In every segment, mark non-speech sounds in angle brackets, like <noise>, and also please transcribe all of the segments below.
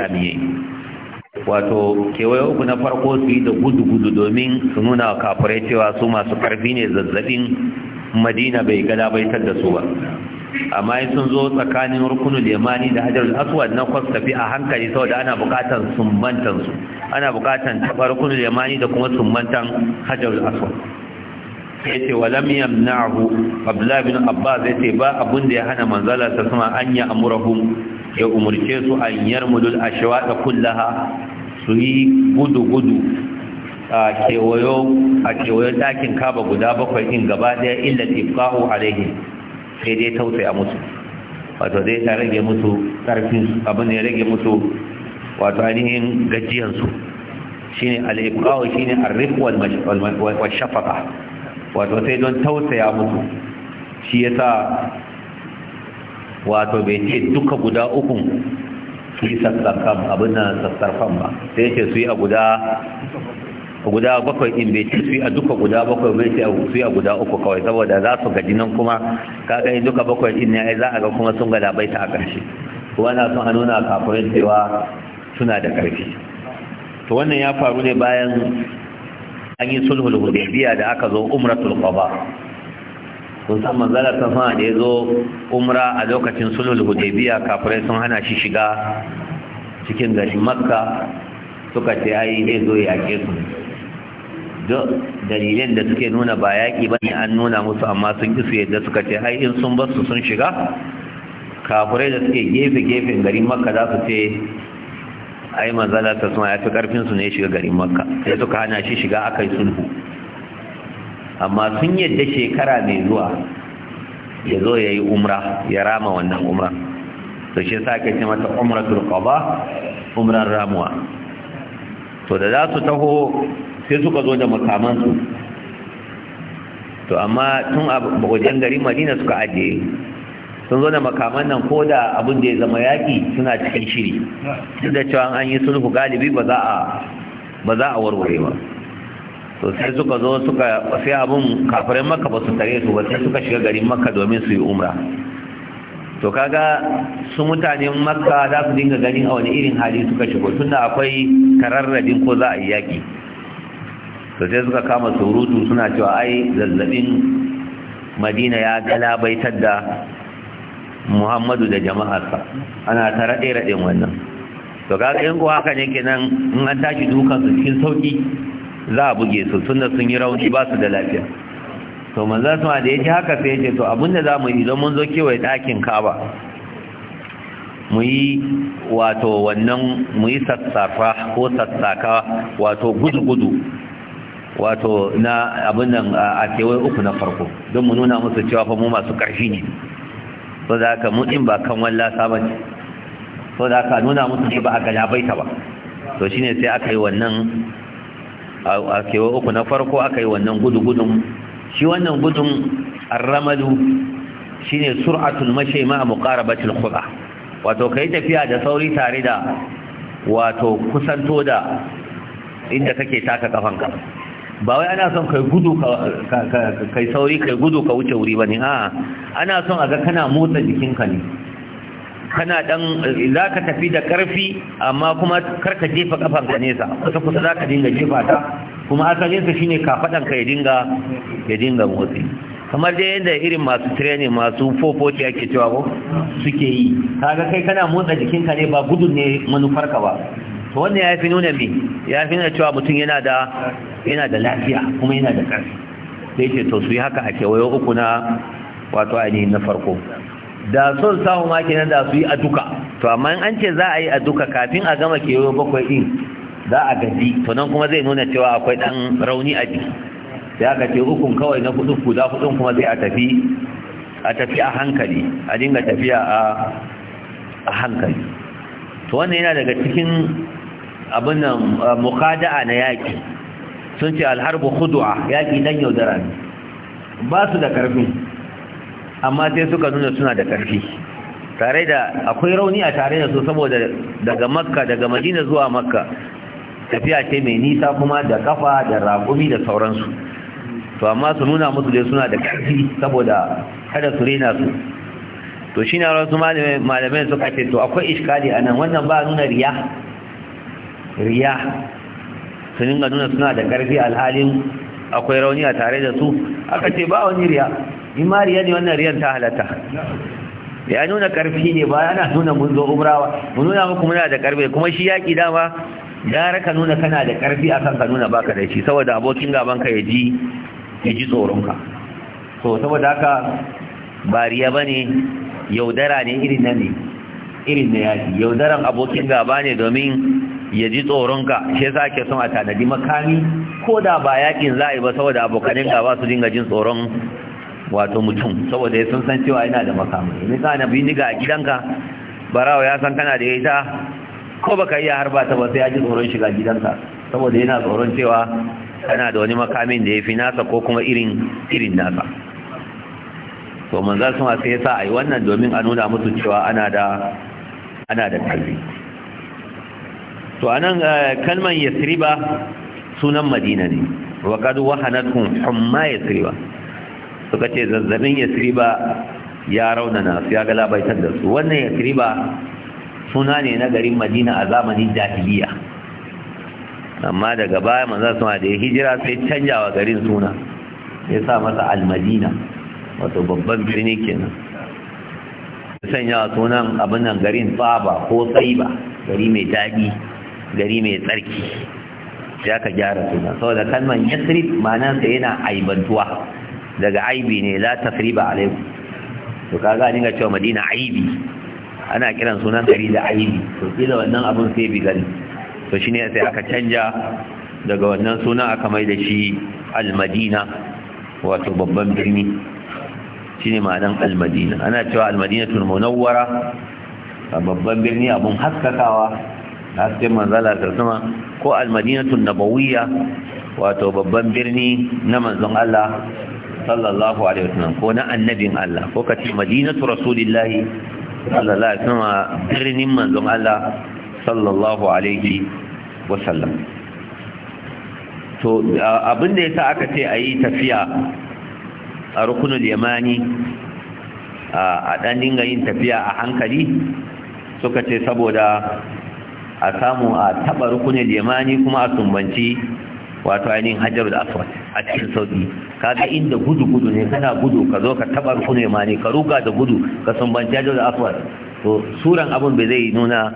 jami'ai wato kewaye uku na farko su yi da gudu-gudu domin su nuna wa kafirai cewa su masu karfi ne zazzabin madina bai gada baitar da su ba amma sun zo tsakanin rukunin limani da hajjar aswad na kwas tafi a hankali saboda ana bukatan sumbantansu ana bukatan taɓa rukunin limani da kuma sumbantan hajjar aswad ya ce wa lam yamna'hu Abdullahi bin abbas ya ce ba abun da ya hana manzala ta sama an ya amurahu ya umurce su an yarmudul ashwaqa kullaha su yi gudu gudu a kewayon ɗakin kaba guda bakwai in gaba ɗaya illa tifqahu alaihi sai dai tausaya musu wato dai ta rage musu karfin abin da ya rage musu wato ainihin gajiyar su shine al-iqaw shine ar-rifq wal wato sai don tausaya musu shi yasa wato bai ce duka guda ukun su yi sassarfan abin da sassarfan ba sai ce su yi a guda bakwai in bai ce su yi a duka guda bakwai bai ce su yi a guda uku kawai saboda za su gaji nan kuma ka yi duka bakwai in ya yi za a ga kuma sun gada bai ta a ƙarshe kuma na sun hannuna kafin cewa suna da ƙarfi to wannan ya faru ne bayan an yi sulhul hudaybiya da aka zo umratul qaba kun san manzala ta sama da ya zo umra a lokacin sulhul hudaybiya kafirai sun hana shi shiga cikin gashi makka suka ce ai zai zo ya yake su dalilin da suke nuna ba yaƙi ba ne an nuna musu amma sun ƙi su yadda suka ce ai in sun basu sun shiga kafirai da suke gefe-gefen garin makka za su ce ai manzala ta sama ya fi ƙarfinsu ne shiga garin makka sai suka hana shi shiga aka yi sulhu amma sun yadda shekara mai zuwa ya zo ya yi umra ya rama wannan umra to shi sa ake ce mata umra turkaba umrar ramuwa to da za su taho sai suka zo da makamansu to amma tun a wajen garin madina suka ajiye sun zo da makaman nan ko da abin da ya zama yaƙi suna cikin shiri duk da cewa an yi sulhu galibi ba za a warware ba Sosai sai suka zo suka sai abun kafirin maka ba su tare su ba sai suka shiga garin maka domin su yi umra to kaga su mutanen makka za su dinga ganin a wani irin hali suka shigo tunda akwai kararradin ko za a yi yaƙi to suka kama surutu suna cewa ai zazzabin madina ya galabaitar da muhammadu da jama'arsa ana ta raɗe-raɗen wannan to kaga in haka ne kenan in an tashi dukansu cikin sauki. za a buge su suna sun yi rauni ba su da lafiya to manzan suna da ya ji haka sai ya ce to abinda za mu yi don mun zo kewaye ɗakin kaba mu yi wato wannan mu yi sassafa ko sassaka wato gudu-gudu wato na abin nan a kewaye uku na farko don mu nuna musu cewa fa mu masu ƙarfi ne so da haka mu in ba kan wallasa ba ne. so da haka nuna musu ce ba a galabaita ba to shine sai aka yi wannan a kewa uku na farko aka yi wannan gudu-gudun shi wannan gudun al-ramadu shi ne suratun mashe ma a muƙarabatul kuɗa wato ka yi tafiya da sauri tare da wato kusanto da inda kake taka kafanka ba wai ana son kai sauri kai gudu ka wuce wuri ba ne ana son a ga kana motsa jikinka ne kana dan za ka tafi da karfi amma kuma karka jefa kafan nesa kusa kusa za ka dinga jefa ta kuma asalinsa shine kafadan ka ya dinga ya dinga motsi kamar dai yadda irin masu training masu fofoti ake cewa ko suke yi kaga kai kana motsa jikinka ne ba gudun ne manufarka ba to wannan ya fi nuna me ya fi nuna cewa mutum yana da yana da lafiya kuma yana da ƙarfi sai ce to su yi haka a kewayo uku na wato ainihin na farko da son samu ma kenan da su yi a duka to amma in an ce za a yi a duka kafin a gama kewayo bakwai din za a gaji to nan kuma zai nuna cewa akwai dan rauni a jiki sai aka ce ukun kawai na kudu kuda hudun kuma zai a tafi a tafi a hankali a dinga tafiya a a hankali to wannan yana daga cikin abin nan eh, muqada'a na yaki sun ce alharbu khudu'a yaki dan yaudara ne ba su da karfin amma sai suka nuna suna da ƙarfi tare da akwai rauni a tare da su saboda daga makka daga madina zuwa makka tafiya ce mai nisa kuma da kafa da raƙumi da sauransu to amma su nuna musu dai suna da ƙarfi saboda kada su rena su to shi ne wasu malamai suka ce to akwai iskali a nan wannan ba nuna riya riya su dinga nuna suna da ƙarfi alhalin akwai rauni a tare da su aka ce ba wani riya in ma ne wannan riyan ta halatta ya nuna karfi ne ba yana nuna mun zo umrawa mun nuna muku muna da karfi kuma shi yaki dama gara ka nuna kana da karfi akan ka nuna baka da shi saboda abokin gaban ka ya ji ya ji tsoron ka to saboda haka bariya bane yaudara ne irin nan ne irin na yaki yaudaran abokin gaba ne domin ya ji tsoronka shi yasa ake son a tanadi makami ko da ba yakin za a yi ba saboda abokanin gaba su dinga jin tsoron wato mutum saboda ya sun san cewa yana da makamai sa na niga a gidanka barawa ya san kana da ita ko baka iya harba ta ba sai ya ji tsoron shiga gidanka saboda yana tsoron cewa kana da wani makamin da ya fi nasa ko kuma irin irin nasa to manzo sun sai ya sa ai wannan domin a nuna musu cewa ana da ana da kalbi to anan eh, kalman yasriba sunan madina ne wa kad wahanatkum humma yasriba suka ce zazzabin yasriba ya raunana su ya galabaitar da su wannan siriba suna ne na garin madina a zamanin jahiliya amma daga baya manzo suna da ya hijira sai canjawa garin suna ya sa masa almadina wato babban birni kenan Ya sanya wa sunan abin nan garin tsaba ko ba, gari mai daɗi gari mai tsarki ya ka gyara suna saboda kalman yasrib ma'anarsa yana aibantuwa daga aibi ne la tasriba alaikum to kaga ni ga cewa madina aibi ana kiran sunan gari da aibi to kila wannan abun sai bi gari to shine sai aka canja daga wannan sunan aka mai da shi al-madina wato babban birni shine ma'anan al-madina ana cewa al-madinatul munawwara babban birni abun haskakawa hasken manzala da sama ko al-madinatul nabawiyya wato babban birni na manzon Allah sallallahu alaihi wasallam ko na annabin Allah ko kace madinatu rasulillahi sallallahu alaihi wasallam birnin manzon Allah sallallahu alaihi wasallam to Abinda da yasa aka ce ayi tafiya a rukunul yamani a dan dinga yin tafiya a hankali suka ce saboda a samu a taba rukunul yamani kuma a sumbanci wato ainihin hajarul aswad a cikin sauki kaga inda gudu gudu ne kana gudu ka zo ka taba rukunu ma ne ka ruka da gudu ka sumbanci hajarul aswad to suran abun bai zai nuna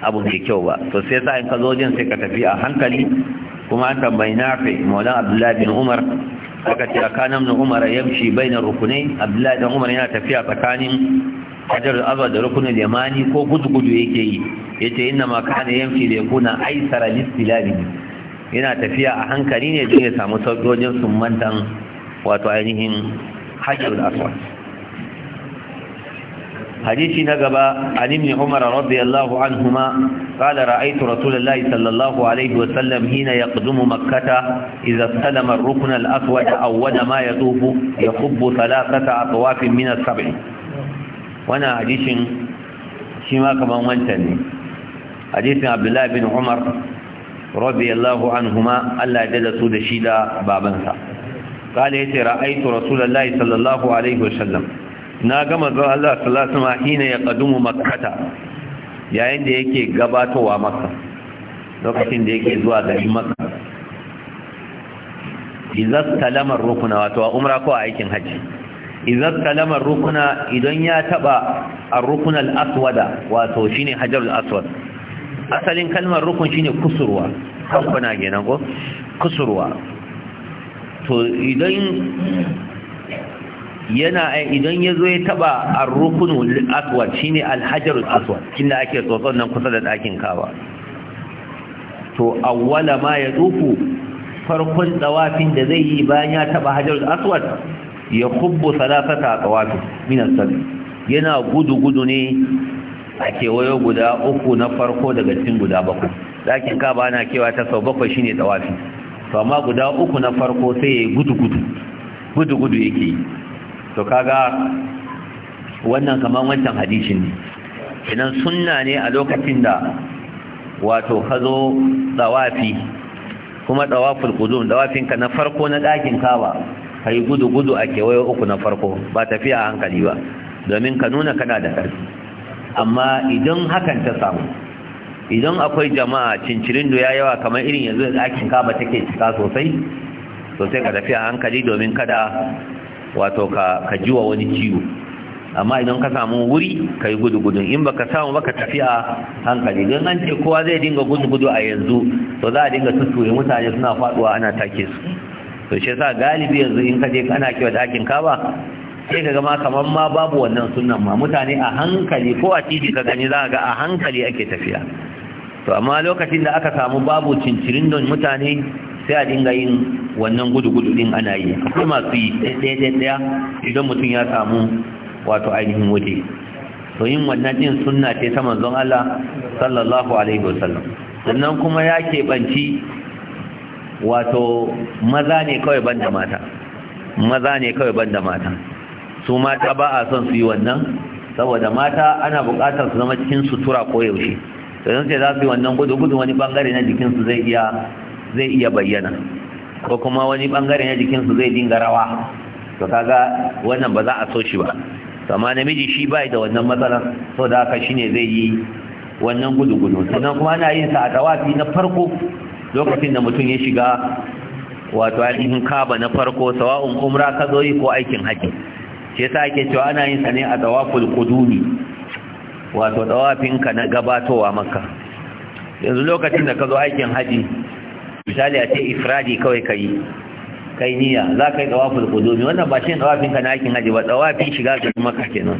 abun mai kyau ba to sai sa in ka zo jin sai ka tafi a hankali kuma an tambayi nafi maulan abdullahi bin umar aka ce kana ibn umar yamshi bainar rukunai abdullahi bin umar yana tafiya tsakanin hajarul aswad da rukunin yamani ko gudu gudu yake yi yace inna ma kana yamshi da yakuna aisara listilali yana tafiya a hankali ne don ya samu sauƙi wajen sumbantan wato ainihin hajjul aswad hadisi na gaba an ibn umar radiyallahu anhuma qala ra'aytu rasulullahi sallallahu alaihi wa sallam hina yaqdumu makkah idha salama ar-rukn al-aswad awwala ma yatufu yakhubbu thalathata atwaf min as-sab'i wannan hadisin shi ma kaman wancan ne hadisin abdullah bin umar radiyallahu anhuma Allah ya dada su da shi da babansa kale yace ra'aytu rasulullahi sallallahu alaihi wasallam na ga manzon Allah sallallahu alaihi wasallam hina ya qadumu makkata yayin da yake gabatowa makka lokacin da yake zuwa garin makka idza salama rukuna wato umra ko aikin haji idza salama rukuna idan ya taba ar-rukun al-aswada wato shine hajarul aswad asalin kalmar rukun shine kusurwa kuna kenan ko kusurwa to idan yana idan ya zo ya taba al aswad shine al aswad kinda ake tsotson nan kusa da dakin kaba. to awwala ma ya tsufu farkon tsawafin da zai yi bayan ya taba hajar aswad ya khubbu thalathata tsawafin min yana gudu gudu ne a kewayo guda uku na farko daga cikin guda bakwai ɗakin kaba na kewa ta sau bakwai shine tawafi to amma guda uku na farko sai ya gudu gudu gudu gudu yake to kaga wannan kamar wancan hadisin ne idan sunna ne a lokacin da wato ka zo tawafi kuma tawaful qudum ka na farko na ɗakin kaba kai gudu gudu a kewayo uku na farko ba tafiya hankali ba domin ka nuna kana da ƙarfi amma idan hakan ta samu idan akwai jama'a cincirindo ya yawa kamar irin yanzu da ɗakin kaba take cika sosai sosai ka tafi a hankali domin kada wato ka ji wa wani ciwo amma idan ka samu wuri ka yi gudu-gudun in baka samu baka tafi a hankali don an ce kowa zai dinga gudu-gudu a yanzu to za a dinga tutture mutane suna faduwa ana take su to shi yasa galibi yanzu in ka je kana kiwa ɗakin kaba sai ka gama kamar ma babu wannan sunan ma mutane a hankali ko a titi ka gani za ga a hankali ake tafiya to amma lokacin da aka samu babu cincirin don mutane sai a dinga yin wannan gudu-gudu din ana yi akwai masu yi ɗaya-ɗaya idan mutum ya samu wato ainihin waje to yin wannan din sunna ce ta manzon Allah sallallahu alaihi wasallam sannan kuma ya keɓanci wato maza ne kawai banda mata maza ne kawai banda mata su mata ba a son su yi wannan saboda mata ana buƙatar su zama cikin sutura ko yaushe to yanzu za su yi wannan gudu gudu wani bangare na jikinsu zai iya zai iya bayyana ko kuma wani bangare na jikinsu zai dinga rawa to kaga wannan ba za a so shi ba amma namiji shi bai da wannan matsalar so da haka shine zai yi wannan gudu gudu sannan kuma ana yin sa a tawafi na farko lokacin da mutum ya shiga wato ainihin kaba na farko sawa'un umra ka zo yi ko aikin haji shi yasa ake cewa ana yin sa ne a tawaful qudumi wato tawafin ka na gabatowa makka yanzu lokacin da ka zo aikin haji misali a ce ifradi kawai kai kai niyya za ka yi tawaful qudumi wannan ba shi tawafin ka na aikin haji ba tawafin shiga ga makka kenan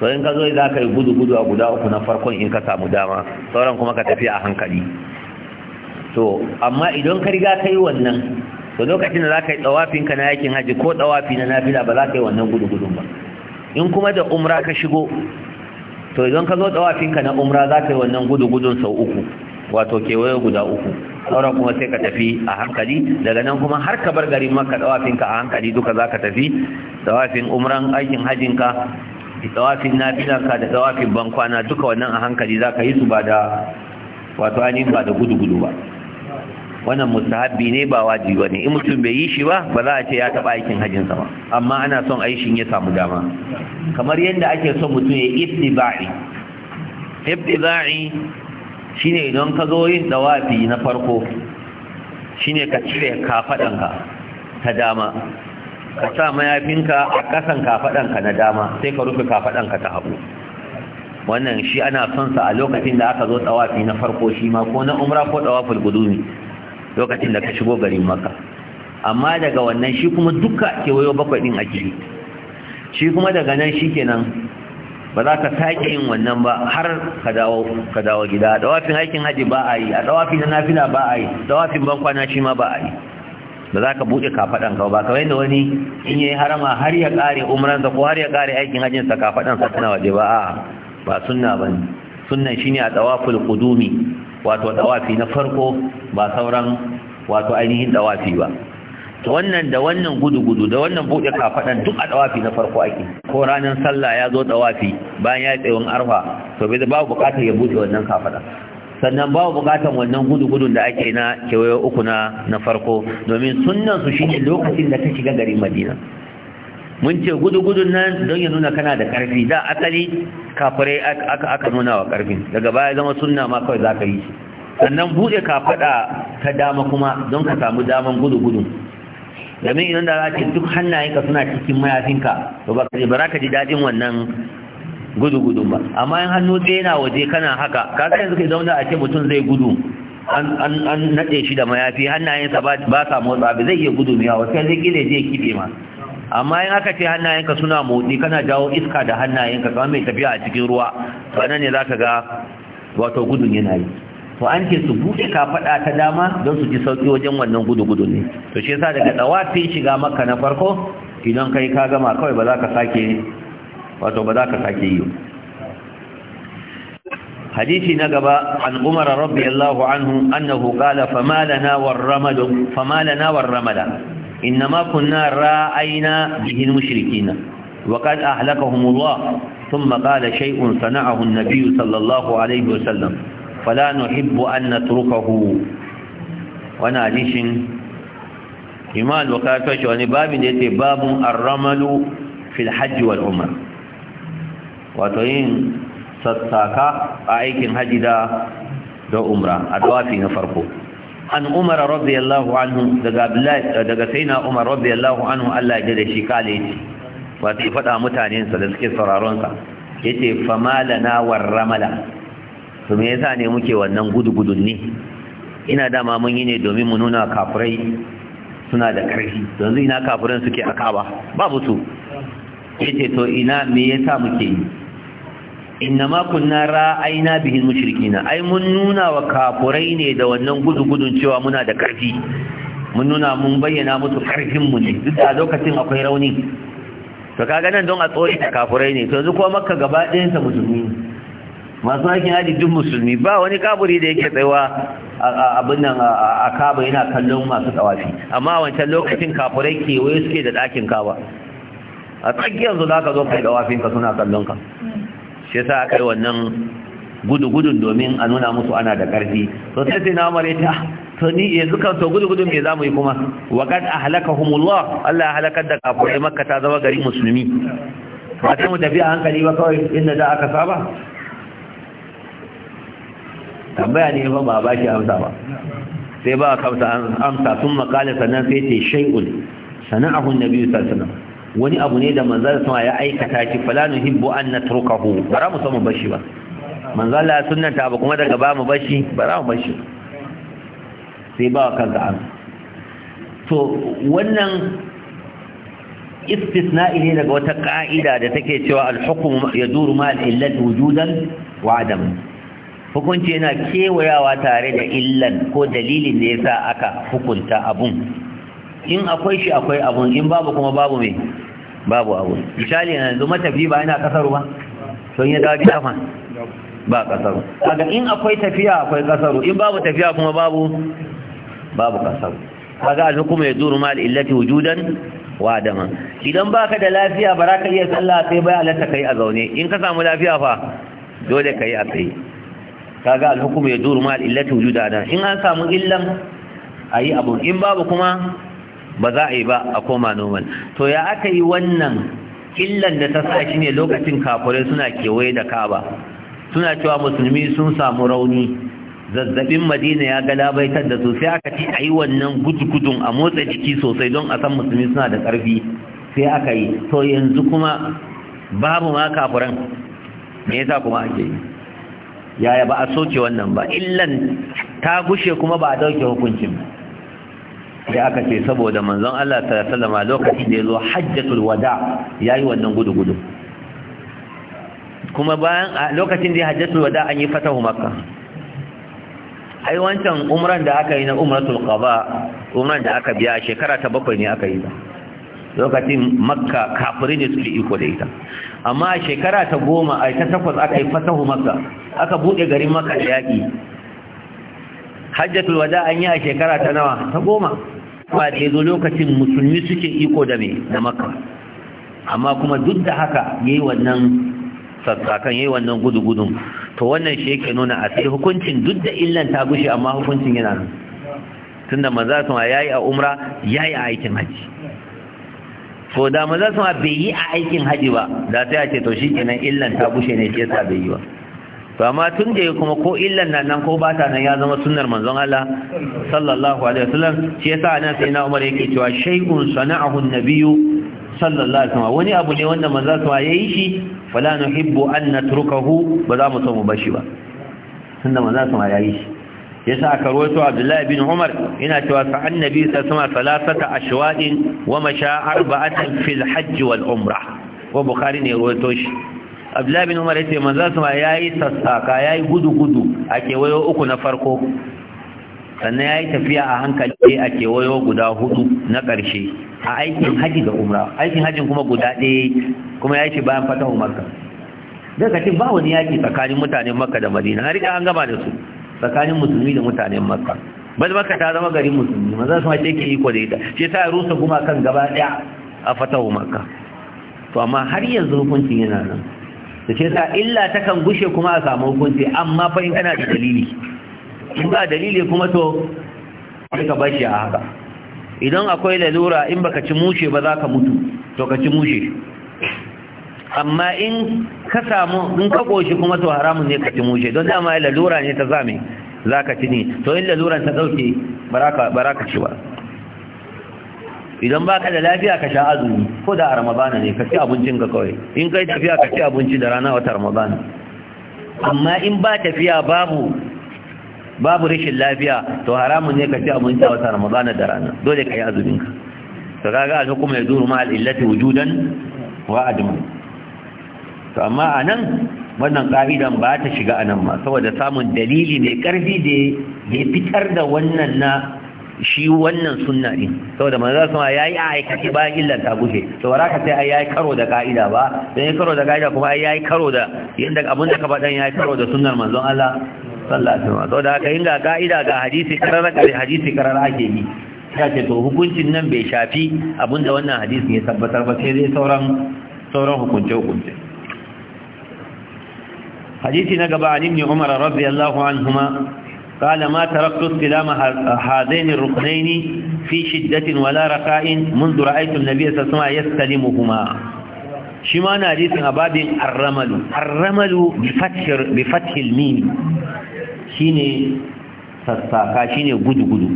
to in ka zo za ka yi gudu gudu a guda uku na farkon in ka samu dama sauran kuma ka tafi a hankali to amma idan ka riga ka yi wannan to lokacin da za ka yi tsawafin ka na yakin haji ko tsawafi na nafila ba za ka yi wannan gudugudun ba in kuma da umra ka shigo to idan ka zo tsawafin ka na umra za ka yi wannan gudugudun sau uku wato kewaye guda uku sauran kuma sai ka tafi a hankali daga nan kuma har ka bar garin maka tsawafin ka a hankali duka za ka tafi tsawafin umran aikin hajin ka tsawafin ka da tsawafin bankwana duka wannan a hankali za ka yi su ba da wato ainihin ba da gudugudu ba wannan mustahabbi ne ba wajibi bane in mutum bai yi shi ba ba za a ce ya taba aikin hajjin sa ba amma ana son a yi shi ya samu dama kamar yadda ake son mutum ya ibtiba'i ibtiba'i shine idan ka zo yin dawafi na farko shine ka cire ka ta dama ka sa mayafinka a kasan ka na dama sai ka rufe kafaɗanka ta hagu wannan shi ana son sa a lokacin da aka zo tsawafi na farko shi ma ko na umra ko dawaful gudumi lokacin da ka shigo garin maka amma daga wannan shi kuma duka kewayo bakwai ɗin ake shi kuma daga nan shi kenan ba za ka sake yin wannan ba har ka dawo gida a dawafin aikin haji ba a yi a dawafin na fina ba a yi dawafin bankwana shi ma ba a yi ba za ka buɗe kafaɗan ka ba kawai da wani in yi harama har ya ƙare umaransa ko har ya ƙare aikin hajjinsa kafaɗansa suna waje ba a ba sunna ba ne sunnan shi ne a tsawafin kudumi wato dawafi na farko ba sauran wato ainihin dawafi ba to wannan da wannan gudu-gudu da wannan buɗe kafaɗan duk a dawafi na farko ake ko ranar sallah ya zo dawafi bayan ya tsewon arfa to bai da babu buƙatar ya buɗe wannan kafaɗan sannan babu bukatar wannan gudu gudu da ake na kewaye uku na na farko domin sunnan su shine lokacin da ta shiga garin madina mun ce gudu-gudun nan don ya nuna kana da ƙarfi da asali kafirai aka aka nuna wa ƙarfin daga baya zama sunna ma kawai za ka yi shi sannan buɗe kafaɗa ta dama kuma don ka samu daman gudu-gudun domin idan da za ce duk hannayenka suna cikin mayafinka to ba za ka ji daɗin wannan gudu-gudun ba amma in hannu ɗaya yana waje kana haka ka yanzu kai zauna a ce mutum zai gudu an naɗe shi da mayafi hannayensa ba sa motsa ba zai iya gudu miya wasu yanzu gile zai kiɓe ma amma in aka ce hannayenka suna motsi kana jawo iska da hannayenka kamar mai tafiya a cikin ruwa to nan ne zaka ga wato gudun yana yi to an ce su buɗe kafaɗa ta dama don su ji sauƙi wajen wannan gudu-gudu ne to shi yasa daga sai shiga maka na farko idan kai ka gama kawai ba za ka sake wato ba za ka sake yi hadisi na gaba an umar radiyallahu anhu annahu qala fama lana war ramadan fama lana war ramadan إنما كنا رأينا به المشركين وقد أهلكهم الله ثم قال شيء صنعه النبي صلى الله عليه وسلم فلا نحب أن نتركه وانا حديث إمام الوقات واني يعني باب ديتي باب الرمل في الحج والعمر وطين ستاكا أعيك حجدا دو عمره أدوافي نفرقه an umar radiyallahu anhu daga abdullahi eh, daga sayyidina umar radiyallahu anhu Allah ya da shi kale yace wato ya fada mutanen sa da suke sauraron sa yace famalana warramala to me yasa ne muke wannan gudugudun ne ina dama mun yi ne domin mu nuna kafirai suna da karfi yanzu ina kafiran suke a kaba babu su yace to ina me yasa muke yi Inna ma kunna ra'ayna bihi mushrikina ai mun nuna wa kafurai ne da wannan gudugudun cewa muna da karfi mun nuna mun bayyana musu karfin mu ne duk da lokacin akwai rauni to kaga nan don a tsori da kafurai ne to yanzu kuma makka gaba ɗayan sa musulmi masu hakin hadi duk musulmi ba wani kaburi da yake tsayawa abin nan a kaba yana kallon masu tsawafi amma wancan lokacin kafurai kewaye suke da ɗakin kaba a tsakiyar su za ka zo kai ka suna kallon ka shi sa aka yi wannan gudu-gudun domin a nuna musu ana da ƙarfi to sai sai na mare ta ah, to ni yanzu kan to gudu-gudun me zamu yi kuma wa kad ahlakahumullah Allah ya halakar da kafirai makka ta zama gari musulmi ba sai mu tafi a hankali ba kawai inda da aka saba tambaya ne ba ba ba shi amsa ba sai ba kamsa amsa sun makala sannan sai ce shay'un sana'ahu nabiyyu sallallahu alaihi wasallam wani abu ne da manzala sama ya aikata shi fala nuhibbu an natrukahu bara mu samu bashi ba manzala ya sunnanta ba kuma daga ba mu bashi bara mu bashi sai ba kanka an to wannan istisna'i ne daga wata ka'ida da take cewa al-hukm yaduru ma al-illat wujudan wa adam hukunci yana kewayawa tare da illan ko dalilin da yasa aka hukunta abun in akwai shi akwai abun in babu kuma babu mai babu abu. misali yanzu matafi ba yana kasaru ba Sun yi ya dawo ba kasaru kaga in akwai tafiya akwai kasaru in babu tafiya kuma babu babu kasaru kaga al-hukmu ya ma al-illati wujudan wa adama idan baka da lafiya ba za ka iya sallah sai bai halatta kai a zaune in ka samu lafiya fa dole kai a tsaye kaga al-hukmu yaduru ma al-illati wujudan in an samu illan ayi abu in babu kuma ba za a yi ba a koma noman. to ya aka yi wannan illan da ta sa shi ne lokacin kafurai suna kewaye da kaba suna cewa musulmi sun samu rauni zazzabin madina ya galabaitar da su sai aka ci a yi wannan gudugudun a motsa jiki sosai don a san musulmi suna da ƙarfi sai aka yi to yanzu kuma babu ma kafuran me yasa kuma ake yi yaya ba a soke wannan ba illan ta gushe kuma ba a dauke hukuncin ba sai aka ce saboda manzon Allah sallallahu alaihi lokacin da ya zo hajjatul wada yi wannan gudu gudu kuma bayan lokacin da ya hajjatul wada an yi fatahu makka ai wancan umran da aka yi na umratul qaba umran da aka biya shekara ta bakwai ne aka yi ba lokacin makka kafiri ne suke iko da ita amma shekara ta goma a ta takwas aka yi fatahu makka aka buɗe garin makka da yaƙi hajjatul wada an yi a shekara ta nawa ta goma fa da yazo lokacin musulmi suke iko da me da makka amma kuma duk da haka yayi wannan sassakan yayi wannan gudugudun to wannan shi yake nuna a sai hukuncin duk da illan ta gushi amma hukuncin yana nan tunda maza sun yayi a umra yayi a aikin haji to da maza sun bai yi a aikin haji ba da sai a ce to shikenan illan ta gushe ne shi yasa bai yi ba to amma tun da kuma ko illan nan nan ko bata nan ya zama sunnar manzon Allah sallallahu alaihi wasallam shi yasa nan sai na Umar yake cewa shay'un sana'ahu an-nabiyyu sallallahu alaihi wasallam wani abu ne wanda manzon sa yayi shi fala nuhibbu an natrukahu ba za mu so mu bashi ba tunda manzon sa yayi shi yasa aka rawaito Abdullah ibn Umar yana cewa sa annabi sallallahu alaihi wasallam salasata ashwadin wa masha arba'atan fil hajj wal umrah wa bukhari ne rawaito shi abdullahi bin umar yace manzo sama yayi sassaka yayi gudu gudu a kewayo uku na farko sannan yayi tafiya a hankali a kewayo guda hudu na karshe a aikin haji da umra aikin hajin kuma guda ɗaya kuma yayi shi bayan fatahu makka daga ce ba wani yaki tsakanin mutanen makka da madina har an gama da su tsakanin musulmi da mutanen makka bal makka ta zama garin musulmi manzo sama ce ke iko da ita shi ta rusa kuma kan gaba ɗaya a fatahu makka to amma har yanzu hukuncin yana nan da ce sa illa ta kan gushe kuma a samu hukunci amma fa in da dalili in ba dalili kuma to ka bashi a haka idan akwai lalura in baka ci mushe ba za ka mutu to ka ci mushe amma in ka samu in ka koshi kuma to haramun ne ka ci mushe don dama lalura ne ta zame za ka ci ne to in laluran ta dauke ba za ka ci ba idan baka da lafiya ka sha azumi ko da ramadana ne ka ci abincin ka kawai in kai tafiya ka ci abinci da rana wata ramadana amma in ba tafiya babu babu rashin lafiya to haramun ne ka ci abinci a wata ramadana da rana dole ka yi azumin ka to kaga al-hukmu yazuru ma al-illati wujudan wa adama to amma anan wannan ka'idan ba ta shiga anan ma saboda samun dalili ne karfi da ya fitar da wannan na shi wannan sunna ne saboda manzo sama yayi a aikace bayan illan ta gushe to waraka sai ai yayi karo da ka'ida ba dan yayi karo da ka'ida kuma ai yayi karo da yanda abunda ka fadan yayi karo da sunnar manzon Allah sallallahu alaihi wasallam saboda haka inga ka'ida ga hadisi karara kare hadisi karara ake yi ta ce to hukuncin nan bai shafi abunda wannan hadisi ya tabbatar ba sai dai sauran sauran hukunce hukunce hadisi na gaba an ibn umar radiyallahu anhuma قال ما تركت استلام هذين الركنين في شدة ولا رخاء منذ رأيت النبي صلى الله عليه وسلم يستلمهما شما ناديس أباب الرمل الرمل بفتح, بفتح الميم شيني sassaka shine gudu-gudu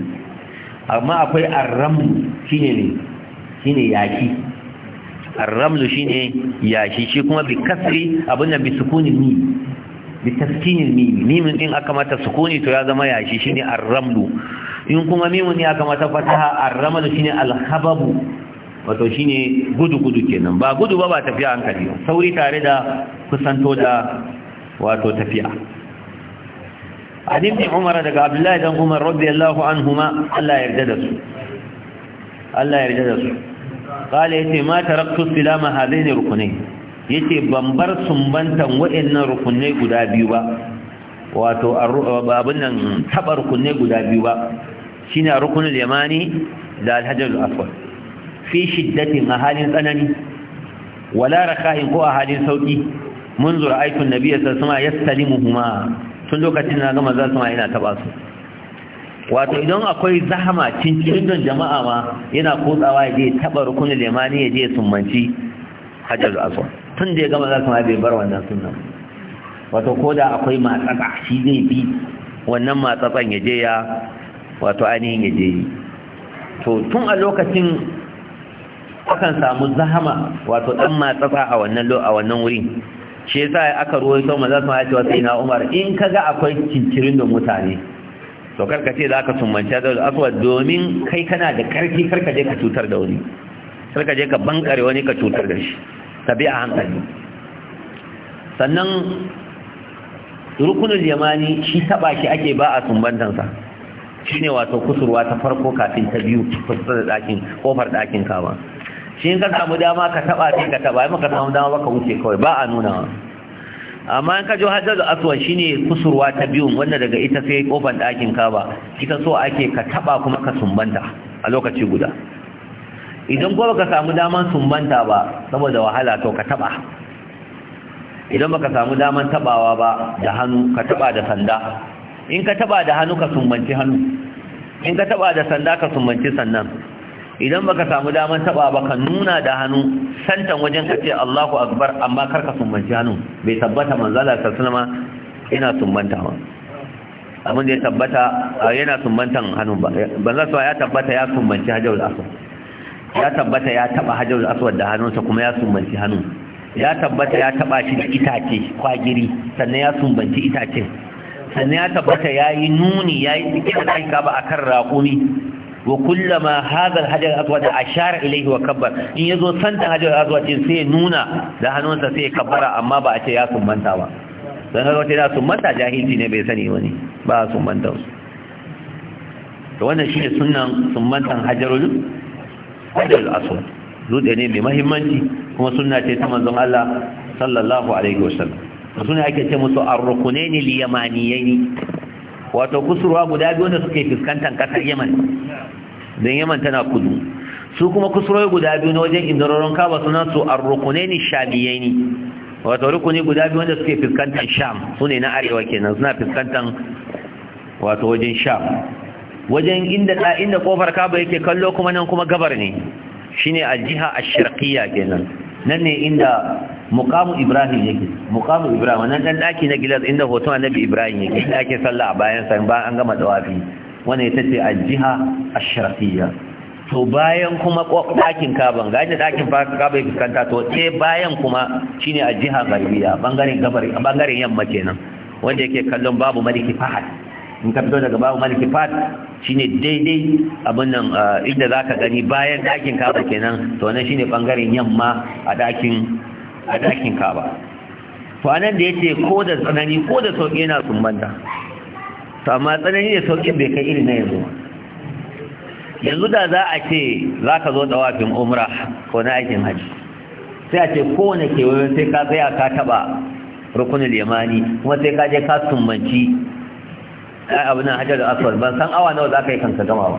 amma akwai arramlu shine ne shine yaki arramlu shine yashi shi kuma bi kasri abin da bi sukuni ni bitaskinil mimi mimin din aka mata sukuni to ya zama yashi shine ar-ramlu in kuma mimin ne aka mata fataha ar shine al-hababu wato shine gudu gudu kenan ba gudu ba ba tafiya hankali sauri tare da kusanto da wato tafiya hadin Umar daga Abdullahi dan Umar radiyallahu anhuma Allah ya yarda da su Allah ya yarda da su qala yati ma taraktu silama hadaini rukunain yace ban bar sumbantan wa'annan rukunai guda biyu ba wato abin nan taɓa rukunai guda biyu ba shine rukunin yamani da alhajarul aswad fi shiddatin a halin tsanani wala raka'in ko a halin sauƙi, mun zura منذ na biyar صلى الله ya وسلم يستلمهما tun lokacin na gama za su ma yana taɓa su wato idan akwai zahama cincin jama'a ma yana kotsawa ya je taɓa rukunin limani ya je summanci hajjar aswa tun da ya gama za su ma bai bar wannan sunan wato ko da akwai matsatsa shi zai bi wannan matsatsan ya je ya wato ainihin ya je yi to tun a lokacin akan samu zahama wato dan matsatsa a wannan a wannan wurin shi yasa aka ruwa ruwaito maza su ma ce wa na Umar in ka ga akwai cincirin da mutane to ce za ka sumbanta da aswa domin kai kana da karfi kar ka cutar da wani kar ka bankare wani ka cutar da shi ka a hankali sannan rukunin yamani shi taba shi ake ba a sumbantansa shi ne wato kusurwa ta farko kafin ta biyu kusa da ɗakin kofar ɗakin kama shi in ka samu dama ka taba sai ka taba in ka samu dama ba ka wuce kawai ba a nunawa amma in ka jo hajjar da aswa ne kusurwa ta biyu wanda daga ita sai kofar ɗakin kaba ita so ake ka taba kuma ka sumbanta a lokaci guda idan ko baka samu daman sumbanta ba saboda wahala to ka taba idan baka samu daman tabawa ba da hannu ka taba da sanda in ka taba da hannu ka sumbanci hannu in ka taba da sanda ka sumbanci sannan idan baka samu daman taba ba ka nuna da hannu santan wajen ka ce Allahu akbar amma kar ka sumbanci hannu bai tabbata manzala sallama ina sumbantawa abin da ya tabbata yana sumbantan hannu ba banza ya tabbata ya sumbanci hajjal asr ya tabbata ya taba hajarul aswad da hannunsa kuma ya sumbanci hannu. ya tabbata ya taba shi da itace kwagiri sannan ya sumbanci itacen sannan ya tabbata ya yi nuni ya yi tsikin da aika ba a kan raƙumi wa kullama hazal hajar aswad ashara ilaihi wa kabbar in ya zo santa hajar aswad sai ya nuna da hannunsa sai ya kabbara amma ba a ce ya sumbanta ba dan haka wata da sumbanta jahilci ne bai sani wani ba sumbanta su to wannan shine sumbantan hajarul hajar aswad dutse ne mai mahimmanci kuma sunna ce ta manzon Allah sallallahu alaihi wasallam su ne ake ce musu ar-rukunaini liyamaniyaini wato kusurwa guda biyu wanda suke fuskantar kasar Yaman don Yaman tana kudu su kuma kusurwa guda biyu na wajen indororon Kaaba suna su ar-rukunaini shamiyaini wato rukuni guda biyu wanda suke fuskantar Sham sune na arewa kenan suna fuskantar wato wajen Sham wajen inda ta inda kofar kaba yake kallo kuma nan kuma gabar ne shine aljiha ash-sharqiyya kenan nan ne inda muqamu ibrahim yake muqamu ibrahim nan dan daki na gilas inda hoton annabi ibrahim yake inda ake sallah a bayan sa bayan an gama tawafi wannan ita ce aljiha ash-sharqiyya to bayan kuma dakin kaban ga inda dakin kaba yake kanta to sai bayan kuma shine aljiha garbiya bangaren gabar bangaren yamma kenan wanda yake kallon babu maliki fahad in ka fito daga babu maliki fat shine daidai abin nan inda zaka gani bayan dakin kaba kenan to shi shine bangaren yamma a dakin a dakin kaba to anan da yace ko da tsanani ko da sauki yana sumbanta to amma tsanani da sauki bai kai irin na yanzu yanzu da za a ce za ka zo tsawafin umra ko na aikin hajji sai a ce kowane kewaye sai ka tsaya ka taba rukunin limani kuma sai ka je ka sumbanci abin nan hajjar aswad ban san awa nawa za ka yi kanka gama ba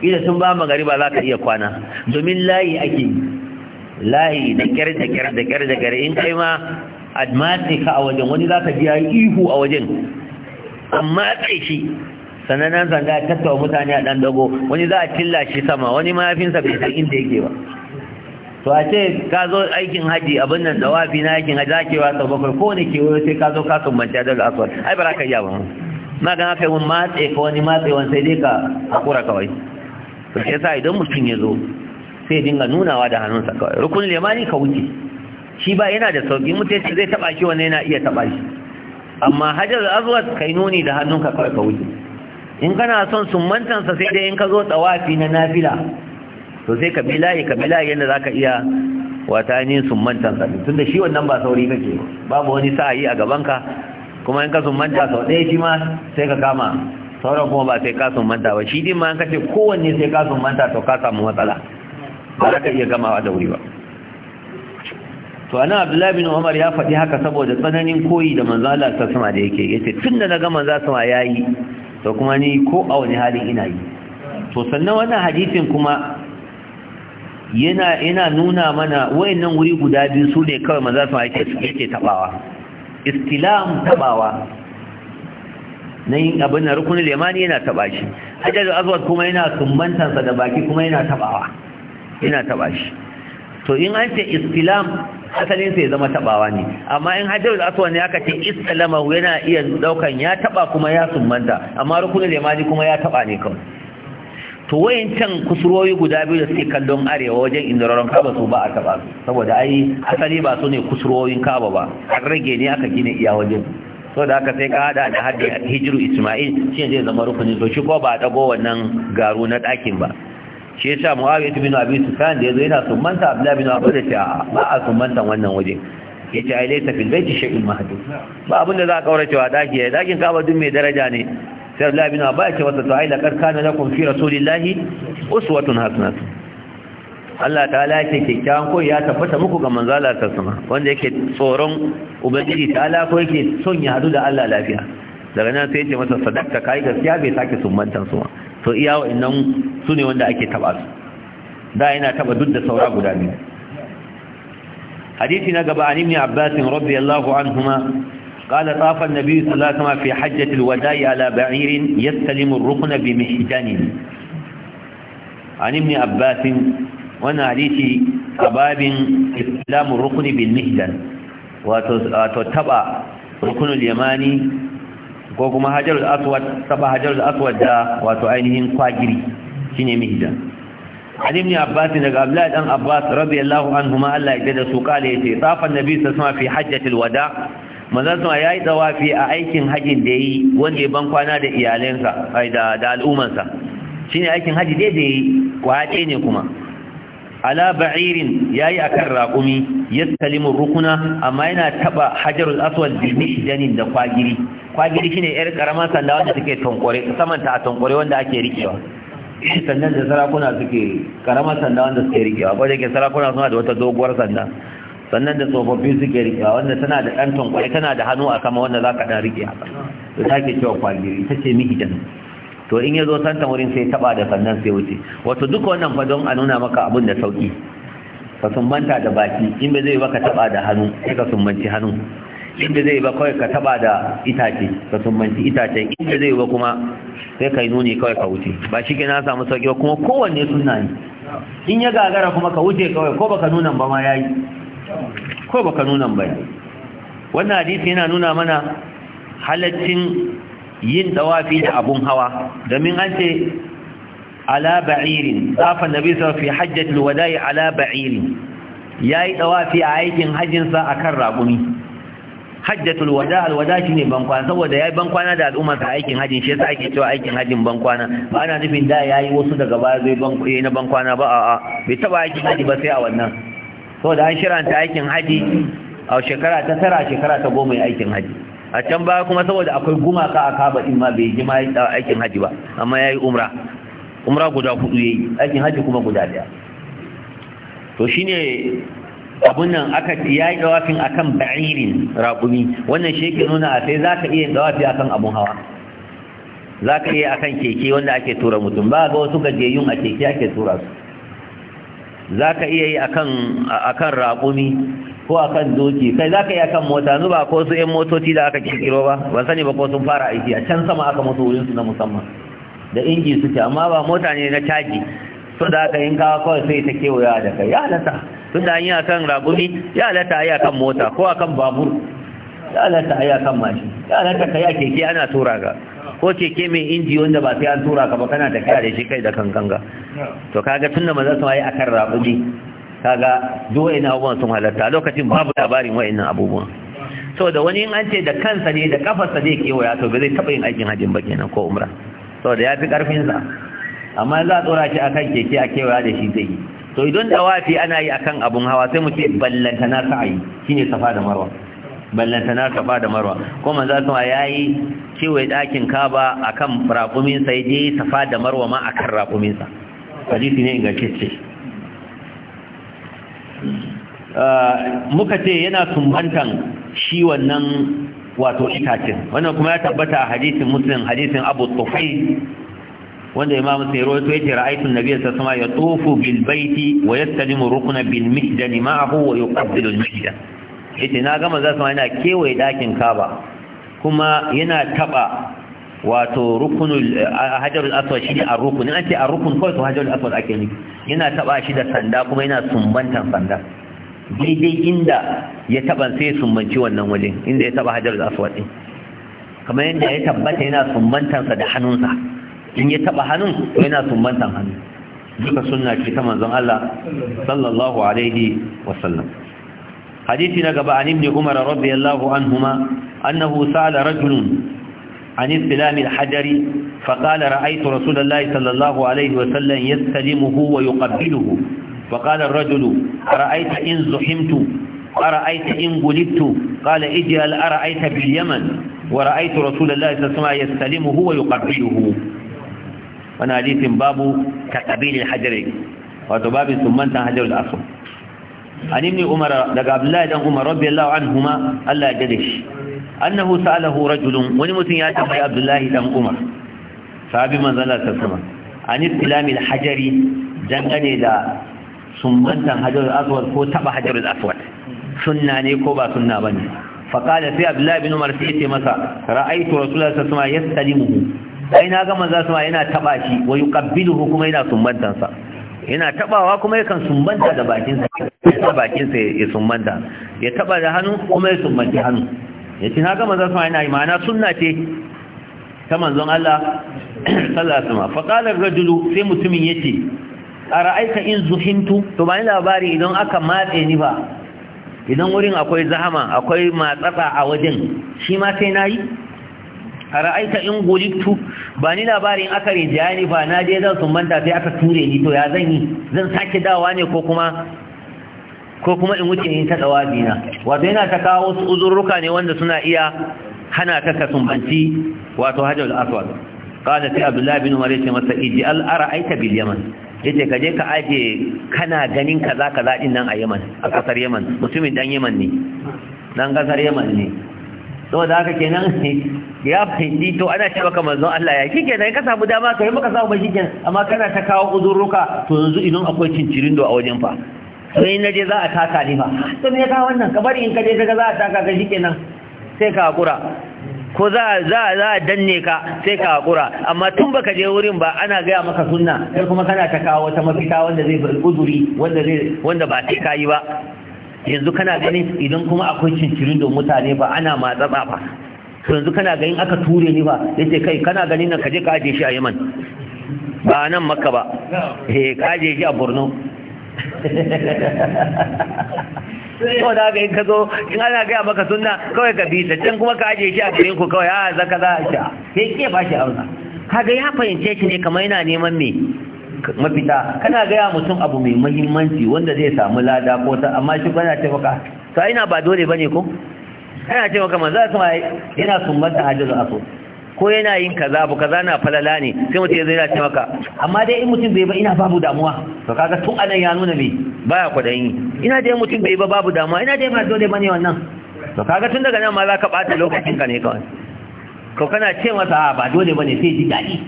ila sun ba ba za ka iya kwana domin layi ake layi da kyar da kyar da kyar da kyar in kai ma a matse ka a wajen wani za ka ji ihu a wajen an matse shi sannan nan zanga ya tattawa mutane a ɗan dago wani za a cilla shi sama wani mayafinsa bai san inda yake ba to a ce ka zo aikin haji abin nan da wafi na aikin haji za ke wasa bakwai kowane kewaye sai ka zo ka sumbanta daga aswad ai ba za ka iya ba na ga haka mun matse ka wani matsewan sai dai ka hakura kawai to sai sai idan mutum ya zo sai dinga nunawa da hannunsa kawai rukun limani ka wuce shi ba yana da sauki mutum sai zai taba shi wanda yana iya taba shi amma hajar azwat kai nuni da hannunka kawai ka wuce in kana son sumbantansa sai dai in ka zo tsawafi na nafila to sai ka bilaye ka bilaye yadda zaka iya wata ainihin sumbantansa tunda shi wannan ba sauri kake babu wani sa'ayi a gabanka kuma in ka manta sau ɗaya shi ma sai ka kama sauran kuma ba sai ka manta ba shi din ma in ka ce kowanne sai ka manta to ka samu matsala ba za ka iya gamawa da wuri ba to ana abdullahi bin umar ya faɗi haka saboda tsananin koyi da manzo Allah ta sama da yake yace da na ga manzo sama yayi to kuma ni ko a wani halin ina yi to sannan wannan hadisin kuma yana yana nuna mana wayannan wuri guda biyu su ne kawai manzo sama yake yake tabawa istilam tabawa na yin abin na rukunin limani yana taba shi hajjar azwar kuma yana sumbantansa da baki kuma yana tabawa yana taba shi to in an ce istilam asalin sai zama tabawa ne amma in hajjar aswad ne aka ce istilama yana iya daukan ya taba kuma ya sumbanta amma rukunin limani kuma ya taba ne kawai to wayan can kusurwoyi guda biyu da suke kallon arewa wajen indiraron kaba su ba a taba saboda ai asali ba su ne kusurwoyin kaba ba har rage ne aka gina iya wajen so da aka sai ka hada da hadin hijiru isma'il shi zai zama rukuni to shi ko ba a dago wannan garu na ɗakin ba shi yasa muawiya ibn abi sufyan da yazo yana sumanta abdullah ibn abu da ta ba a sumanta wannan waje ce ai laysa fil baiti shay'un mahdud ba abinda za ka kaura cewa daki ya dakin kaba duk mai daraja ne sai Allah bin Abba ya ce masa to a laqad lakum fi rasulillahi uswatun hasanah Allah ta'ala yake kyakkyawan koyi ya tabbata muku ga manzala ta sama wanda yake tsoron ubangiji ta'ala ko yake son ya hadu da Allah lafiya daga nan sai ya masa sadaka kai gaskiya bai sake sumbantan su to iya wa'annan su ne wanda ake taba su da yana taba duk da saura guda biyu hadisi na gaba an ibn Abbas radiyallahu anhuma قال طاف النبي صلى الله عليه وسلم في حجة الوداع على بعير يستلم الركن بمحجن عن ابن عباس وانا حديثي أباب استلام الركن بالمحجن وتتبع ركن اليماني وكما حجر الأسود تبع حجر الأسود دا وتعينهم قاجري شنو محجن عن ابن عباس ان عبد الله بن عباس رضي الله عنهما الله يجزاه قال يتي طاف النبي صلى الله عليه وسلم في حجة الوداع ma ya yi tsawafi a aikin hajin da yi wanda ya ban kwana da iyalinsa da da shi shine aikin haji dai da yi kwaɗe ne kuma ala ba'irin kan raƙumi ya salimin rukuna amma yana taɓa hajarul aswad bil mihjanin da kwagiri kwagiri shine yar ƙaramar sanda wanda suke tankware saman ta a tankware wanda ake rikewa sannan da sarakuna suke ƙaramar sanda wanda suke rikewa ko da ke sarakuna suna da wata doguwar sanda sannan da tsofaffi suke rikewa wanda tana da ɗan tankwai tana da hannu a kama wanda za ka ɗan rike haka to ta ke cewa kwaliri ita ce mihidan to in ya zo santa wurin sai taɓa da sannan sai wuce wato duk wannan fa don a nuna maka abin da sauƙi ka sumbanta da baki in ba zai ba ka taɓa da hannu sai ka sumbanci hannu in ba zai ba kawai ka taɓa da itace ka sumbanci itace, in ba zai ba kuma sai ka yi nuni kawai ka wuce ba shi ke na samu sauƙi ba kuma kowanne suna ne in ya gagara kuma ka wuce kawai ko baka nuna ba ma yayi ko baka nuna ba wannan hadisi yana nuna mana halaccin yin tawafi da abun hawa domin an ce ala ba'irin zafa nabi sa fi hajjatul wada'i ala ba'irin yayi tawafi a aikin hajjin sa akan raƙumi hajjatul wada' al wada' shine bankwana saboda yayi bankwana da al'umma sa aikin hajjin shi yasa ake cewa aikin hajjin bankwana ba ana nufin da yayi wasu daga baya zai bankwana na bankwana ba a'a bai taba aikin hajji ba sai a wannan saboda an shiranta aikin haji a shekara ta tara shekara ta goma aikin haji a can baya kuma saboda akwai gumaka a kaba in ma bai jima aikin haji ba amma ya yi umra umra guda hudu yi. aikin haji kuma guda daya to shi ne abun nan aka yi dawafin kan ba'irin raƙumi. wannan shi yake nuna a sai za ka iya dawafi kan abun hawa Za ka iya a kan keke wanda ake tura mutum ba ga wasu gajiyayyun a keke ake tura su za ka iya yi a kan raƙumi ko a kan doki kai za ka iya kan mota zuba ko su yin motoci da aka kirkiro ba ban sani ba ko sun fara aiki a can sama aka wurin wurinsu na musamman da inji suke amma ba mota ne na caji Su da aka yin kawo kawai sai ta kewaya da kai ya halatta tun da yi a kan raƙumi ya halatta a yi a kan mota ko a kan babur ya halatta a yi a kan mashin ya halatta ka ya a keke ana tura ga ko keke mai inji wanda ba sai an tura ka ba kana tafiya da shi kai da kankanga to kaga tunda maza sun yi akan rabuji kaga duk wa'annan abubuwan sun halatta lokacin babu labarin wa'annan abubuwan saboda wani in an ce da kansa ne da kafarsa zai kewaya to ba zai taɓa yin aikin hajjin ba kenan ko umra saboda ya fi ƙarfinsa amma za a tsora shi akan keke a kewaya da shi zai yi to idan da wafi ana yi akan abun hawa sai mu ce ballanta na sa'ayi shine safa da marwa ballantana safa da marwa ko manzo sama yayi ciwe dakin kaba akan raqumin sa yaje safa da marwa ma akan raqumin sa hadisi ne ingantacce ah, muka ce yana sumbantan shi wannan wato itacin wannan kuma ya tabbata a hadisin muslim hadisin abu tufai wanda imamu sai ya ce ra'aytu nabiy sallallahu alaihi wasallam yatufu bil baiti wa yastalimu rukna bil mihdani ma'ahu wa yuqaddilu al mihdani yace na gama manzo ma yana kewaye dakin kaba kuma yana taba wato rukunul eh, hajarul aswad shi a rukun an ce a rukun kawai to hajarul aswad ake ne yana taba shi da sanda kuma yana sumbantan sanda daidai inda ya taba sai sumbanci wannan wajen inda ya taba hajarul aswad din kamar yadda ya tabbata yana sa da hannunsa in ya taba hannun to yana sumbantan hannu duka sunna ce ta manzon Allah sallallahu alaihi wasallam hadisi na gaba an ibn umar radiyallahu anhuma annahu sa'ala rajulun عن استلام الحجر فقال رأيت رسول الله صلى الله عليه وسلم يستلمه ويقبله فقال الرجل أرأيت إن زحمت أرأيت إن قلبت قال اجعل أرأيت باليمن ورأيت رسول الله صلى الله عليه وسلم يستلمه ويقبله وانا حديث باب كقبيل الحجر وتباب ثم انتهى حجر الأصل an ibn umar daga abdullahi dan umar radiyallahu anhuma Allah ya dade shi annahu sa'alahu rajulun wani mutum ya tambayi abdullahi dan umar sahabi manzon Allah sallallahu alaihi wasallam an ilamil hajari dangane da sumbantan hajarul aswad ko taba hajarul aswad sunna ne ko ba sunna bane faqala sai abdullahi bin umar sai ce masa ra'aytu rasulullahi sallallahu alaihi wasallam yastalimuhu sai na ga manzo sama yana taba shi wa yuqabbiluhu kuma yana sumbantan sa yana tabawa kuma yakan sumbanta da bakin sa ya bakinsa ya sumbanta ya taba da hannu kuma ya sumanta hannu ya ce haka manzon sama yana imana suna ce ta manzon Allah <clears throat> sallallahu alaihi wasallam fa qala ar-rajulu sai mutumin yace ara'aika in zuhintu to ba ni labari idan aka matse ni ba idan wurin akwai zahama akwai matsatsa a wajen shi ma sai nayi ara'aita in gulittu, ba ni labarin aka rinjaya ni ba na je zan sumbanta sai aka ture ni to ya zan yi zan sake dawa ne ko kuma ko kuma in wuce in ta tsawabi na wato yana ta kawo wasu uzurruka ne wanda suna iya hana ka ka sumbanci wato hajjal aswad qala ta abdullah bin umar yace masa iji al ara'aita bil yaman yace ka je ka aje kana ganin kaza kaza din nan a yaman a kasar yaman mutumin dan yaman ne dan kasar yaman ne saboda haka kenan <laughs> ya fahimci to ana cewa kamar zan Allah ya shi kenan ka samu dama kai baka samu mai shi kenan amma kana ta kawo uzurruka to yanzu idan akwai cincirindo a wajen fa sai na je za a taka ni ba to me ka wannan ka bari in ka je daga za a taka ka shikenan sai ka hakura ko za za za danne ka sai ka hakura amma tun baka je wurin ba ana gaya maka sunna sai kuma kana ta kawo wata mafita wanda zai bar uzuri wanda zai wanda ba sai kai ba yanzu kana ganin idan kuma akwai cincirin da mutane ba ana matsa ba to yanzu kana ganin aka ture ni ba yace kai kana ganin nan ka je ka aje shi a Yemen ba nan Makka ba eh ka aje shi a Borno kawai da haka in ka zo in ana gaya maka sunna kawai ka bi ta can kuma ka ajiye shi a gare ku kawai ah, a ka za a sha sai ke ba shi auna kaga ya fahimce shi ne kamar yana neman me mafita kana gaya mutum abu mai muhimmanci wanda zai samu lada ko ta amma shi bana ce maka to ina ba dole bane ko kana ce maka manzo ma yana sumbanta hajjar asu. ko yana yin kaza bu kaza na falala ne sai mutum zai yana ce maka amma dai in mutum bai ba ina babu damuwa to kaga tun anan ya nuna me baya yi ina dai mutum bai ba babu damuwa ina dai ba dole bane wannan to kaga tun daga nan ma za ka bata lokacin ka ne kawai ko kana ce masa ba dole bane sai ji dadi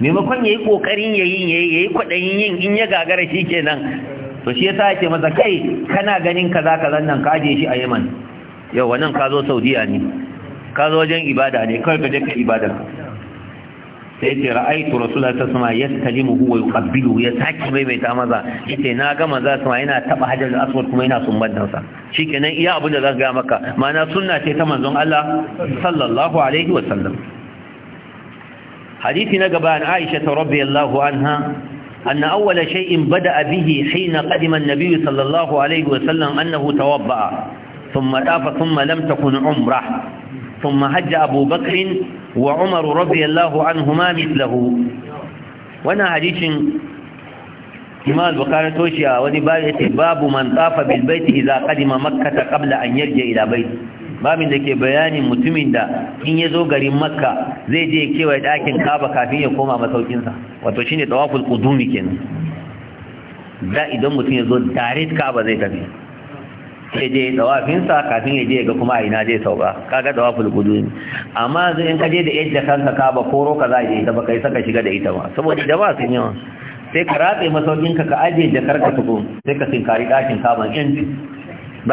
maimakon yayi kokarin yayi yayi yayi kwadayin yin in ya gagara shikenan to shi yasa yake masa kai kana ganin kaza kaza nan ka aje shi a Yemen yau wannan ka zo Saudiya ne ka zo wajen ibada ne kawai ka je ka ibada sai ce ra'aitu rasulullah ta sama ya kalimu huwa yuqabbilu ya saki maimaita maza yace na ga maza sama yana taba hajar aswad kuma yana sumban dansa shikenan iya abin da zan ga maka ma'ana sunna ce ta manzon Allah sallallahu alaihi wa sallam hadisi na gaba an Aisha ta radhiyallahu anha أن أول شيء بدأ به حين قدم النبي صلى الله عليه وسلم أنه توضأ ثم طاف ثم لم تكن عمره ثم حج أبو بكر وعمر رضي الله عنهما مثله وانا حديث كما البقارة توشيا ونباية باب من طاف بالبيت إذا قدم مكة قبل أن يرجع إلى babin da ke bayanin mutumin da in ya zo garin makka zai je kewaye dakin kaba kafin ya koma masaukinsa wato shine tawaful qudumi kenan da idan mutum ya zo kaba zai tafi sai je dawafinsa kafin ya je ga kuma a ina zai sauka kaga dawaful qudumi amma yanzu in ka je da yadda kanka ka ba koro ka za a yi ta ba kai saka shiga da ita ba saboda da su sun yawa sai ka ratse masaukin ka ka aje da karka tuko sai ka sinkari dakin ka ban ba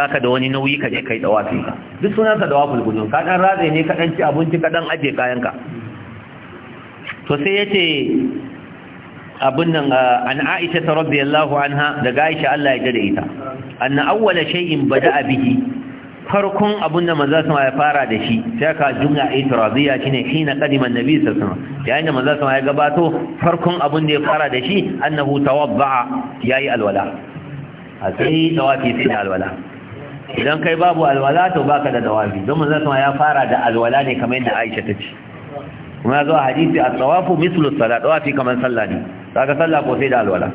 baka da wani nauyi ka je kai dawafi ka duk sunansa dawaful qudumi ka dan ratse ne ka dan ci abinci ka dan aje kayan ka to sai yace abin nan an Aisha ta radiyallahu anha daga Aisha Allah ya jada ita anna awwala shay'in bada'a bihi farkon abunda da manzo sun ya fara da shi sai ka jumla itiraziya shine hina qadima annabi sallallahu alaihi wasallam yayin da manzo sun ya gabato farkon abunda ya fara da shi annahu tawadda'a yayi alwala a sai tawafi sai da alwala idan kai babu alwala to baka da tawafi don manzo sun ya fara da alwala ne kamar yadda Aisha ta ce kuma zo hadisi at-tawafu mithlu salat tawafi kamar sallah ne kaga sallah ko sai da alwala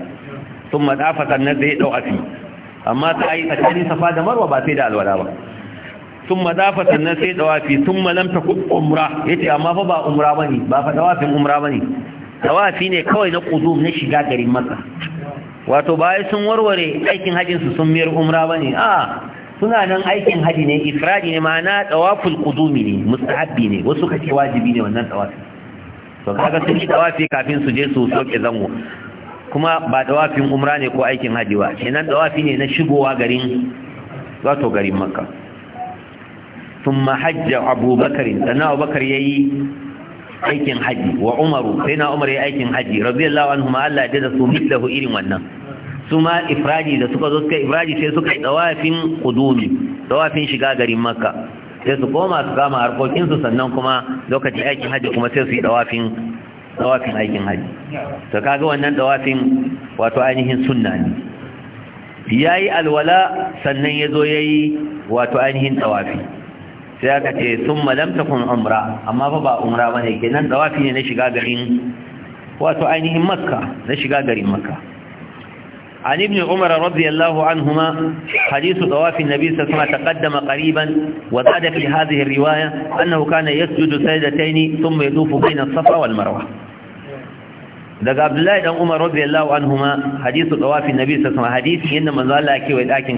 thumma dafa sannan sai dawafi amma ta yi tsakanin safa da marwa ba sai da alwala ba sun madafa sannan sai dawafi sun malamta umra ya ce amma fa ba umra ba ne ba fa dawafin umra ba ne dawafi ne kawai na kuzum na shiga garin maka wato bayan sun warware aikin hajjinsu sun miyar umra ba ne a suna nan aikin haji ne ifradi ne ma'ana dawaful qudumi ne mustahabbi ne wasu kake wajibi ne wannan dawafi to kaga sun yi dawafi kafin su je su soke zango kuma ba dawafin umra ne ko aikin haji ba kenan dawafi ne na shigowa garin wato garin makka thumma hajja abubakar sannan abubakar yayi aikin haji wa umaru sai na umar yayi aikin haji radiyallahu anhuma Allah ya da su mithlahu irin wannan suma ifraji da suka zo suka ifraji sai suka yi dawafin qudumi dawafin shiga garin makka sai su koma su kama su sannan kuma lokacin aikin hajji kuma sai su yi dawafin dawafin aikin haji to kaga wannan dawafin wato ainihin sunna ne yayi alwala sannan yazo yayi wato ainihin dawafi sai aka ce thumma lam takun umra amma fa ba umra bane kenan dawafi ne na shiga garin wato ainihin makka na shiga garin makka عن ابن عمر رضي الله عنهما حديث طواف النبي صلى الله عليه وسلم تقدم قريبا وزاد في هذه الرواية أنه كان يسجد سجدتين ثم يطوف بين الصفا والمروة daga Abdullahi dan Umar radiyallahu anhuma hadithu tawafin Nabi sallallahu alaihi wasallam hadisi yanda manzo Allah yake wai dakin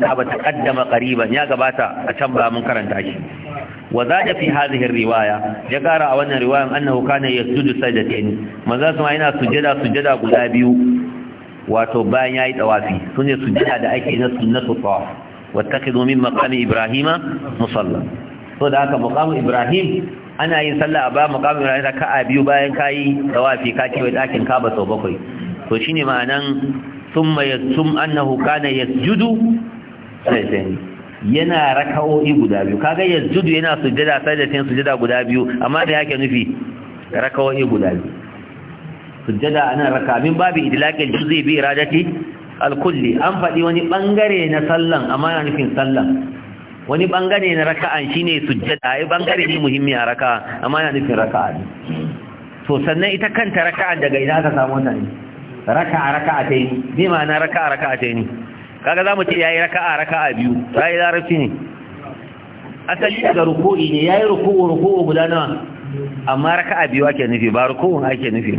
ya gabata a can ba mun karanta shi wa zada fi riwaya ya kara a wannan riwayan annahu kana yasjudu sajdatayn manzo sama yana sujada sujada guda biyu wato bayan yayi tawafi sune sujjada da ake na sunnatu tawaf wattakhidhu min maqami ibrahima musalla to da haka maqamu ibrahim ana yin sallah a ba maqamu ibrahim raka'a biyu bayan yi tawafi ka kewaye dakin kaba sau bakwai to shine ma'anan thumma yasum annahu kana yasjudu sai sai yana raka'o'i guda biyu kaga yasjudu yana sujjada sai da sujjada guda biyu amma da yake nufi raka'o'i guda biyu sujjada nan raka min babu idlaqil juz'i bi iradati al-kulli an fadi wani bangare na sallan amma yana nufin sallan wani bangare na raka'an shine sujjada ai bangare ne muhimmi a raka'a amma yana nufin raka'a ne to sannan ita kanta raka'an daga ina ka samu wannan raka'a raka'a ta yi bi ma'ana raka'a raka'a ta yi kaga zamu ce yayi raka'a raka'a biyu sai larabci ne asali daga ruku'i ne yayi ruku'u ruku'u guda nawa amma raka'a biyu ake nufi ba ruku'un ake nufi